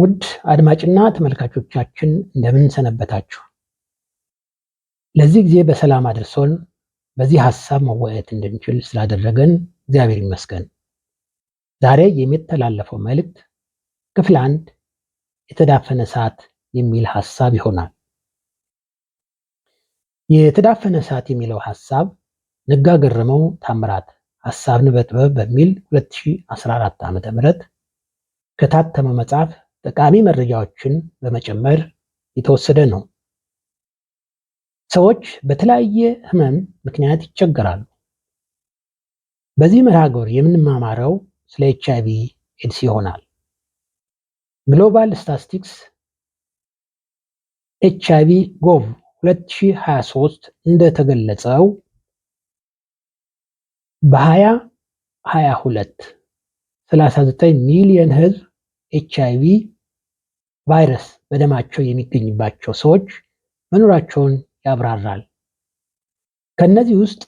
ውድ አድማጭና ተመልካቾቻችን እንደምን ሰነበታችሁ? ለዚህ ጊዜ በሰላም አድርሶን በዚህ ሀሳብ መወያየት እንድንችል ስላደረገን እግዚአብሔር ይመስገን። ዛሬ የሚተላለፈው መልእክት ክፍል አንድ የተዳፈነ ሰዓት የሚል ሀሳብ ይሆናል። የተዳፈነ ሰዓት የሚለው ሀሳብ ነጋ ገረመው ታምራት ሀሳብን በጥበብ በሚል 2014 ዓ.ም ከታተመ መጽሐፍ ጠቃሚ መረጃዎችን በመጨመር የተወሰደ ነው። ሰዎች በተለያየ ህመም ምክንያት ይቸገራሉ። በዚህ መርሃ ግብር የምንማማረው ስለ ኤች አይ ቪ ኤድስ ይሆናል። ግሎባል ስታቲስቲክስ ኤች አይ ቪ ጎቭ 2023 እንደተገለጸው በ2022 39 ሚሊዮን ህዝብ ኤች አይ ቪ ቫይረስ በደማቸው የሚገኝባቸው ሰዎች መኖራቸውን ያብራራል። ከእነዚህ ውስጥ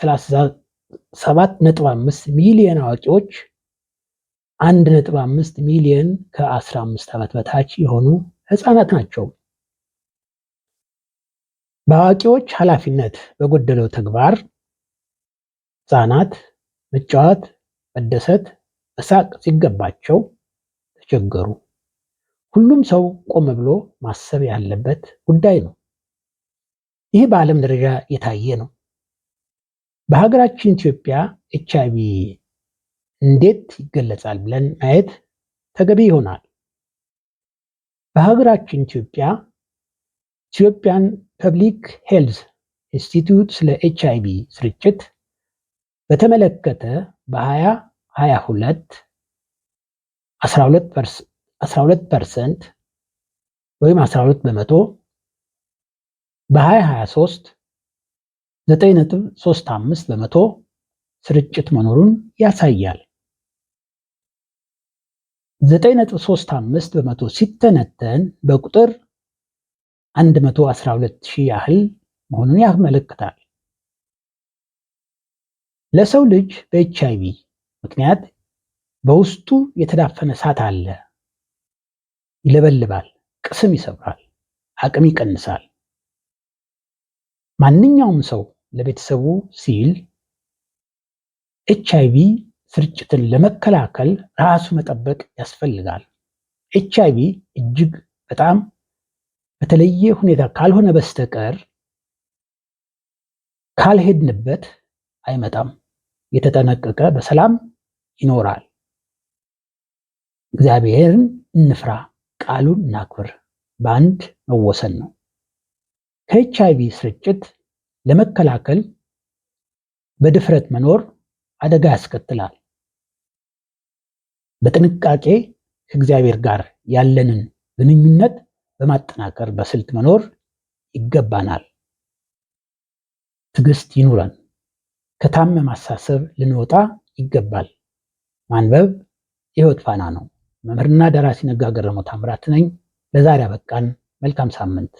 37.5 ሚሊዮን አዋቂዎች፣ 1.5 ሚሊዮን ከ15 ዓመት በታች የሆኑ ህፃናት ናቸው። በአዋቂዎች ኃላፊነት በጎደለው ተግባር ህፃናት መጫወት፣ መደሰት፣ መሳቅ ሲገባቸው ተቸገሩ። ሁሉም ሰው ቆም ብሎ ማሰብ ያለበት ጉዳይ ነው። ይህ በዓለም ደረጃ የታየ ነው። በሀገራችን ኢትዮጵያ ኤች አይ ቪ እንዴት ይገለጻል ብለን ማየት ተገቢ ይሆናል። በሀገራችን ኢትዮጵያ ኢትዮጵያን ፐብሊክ ሄልዝ ኢንስቲትዩት ስለ ኤች አይ ቪ ስርጭት በተመለከተ በ2022 12 12 ፐርሰንት ወይም 12 በመቶ በ2023 9.35 በመቶ ስርጭት መኖሩን ያሳያል። 9.35 በመቶ ሲተነተን በቁጥር 112 ሺህ ያህል መሆኑን ያመለክታል። ለሰው ልጅ በኤች አይ ቪ ምክንያት በውስጡ የተዳፈነ እሳት አለ ይለበልባል፣ ቅስም ይሰብራል፣ አቅም ይቀንሳል። ማንኛውም ሰው ለቤተሰቡ ሲል ኤች አይ ቪ ስርጭትን ለመከላከል ራሱ መጠበቅ ያስፈልጋል። ኤች አይ ቪ እጅግ በጣም በተለየ ሁኔታ ካልሆነ በስተቀር ካልሄድንበት አይመጣም። የተጠነቀቀ በሰላም ይኖራል። እግዚአብሔርን እንፍራ። ቃሉን እናክብር፣ በአንድ መወሰን ነው። ከኤች ቪ ስርጭት ለመከላከል በድፍረት መኖር አደጋ ያስከትላል። በጥንቃቄ ከእግዚአብሔር ጋር ያለንን ግንኙነት በማጠናከር በስልት መኖር ይገባናል። ትዕግስት ይኑረን። ከታመ ማሳሰብ ልንወጣ ይገባል። ማንበብ የህይወት ፋና ነው። መምህርና ደራሲ ነጋ ገረመው ታምራት ነኝ። ለዛሬ አበቃን። መልካም ሳምንት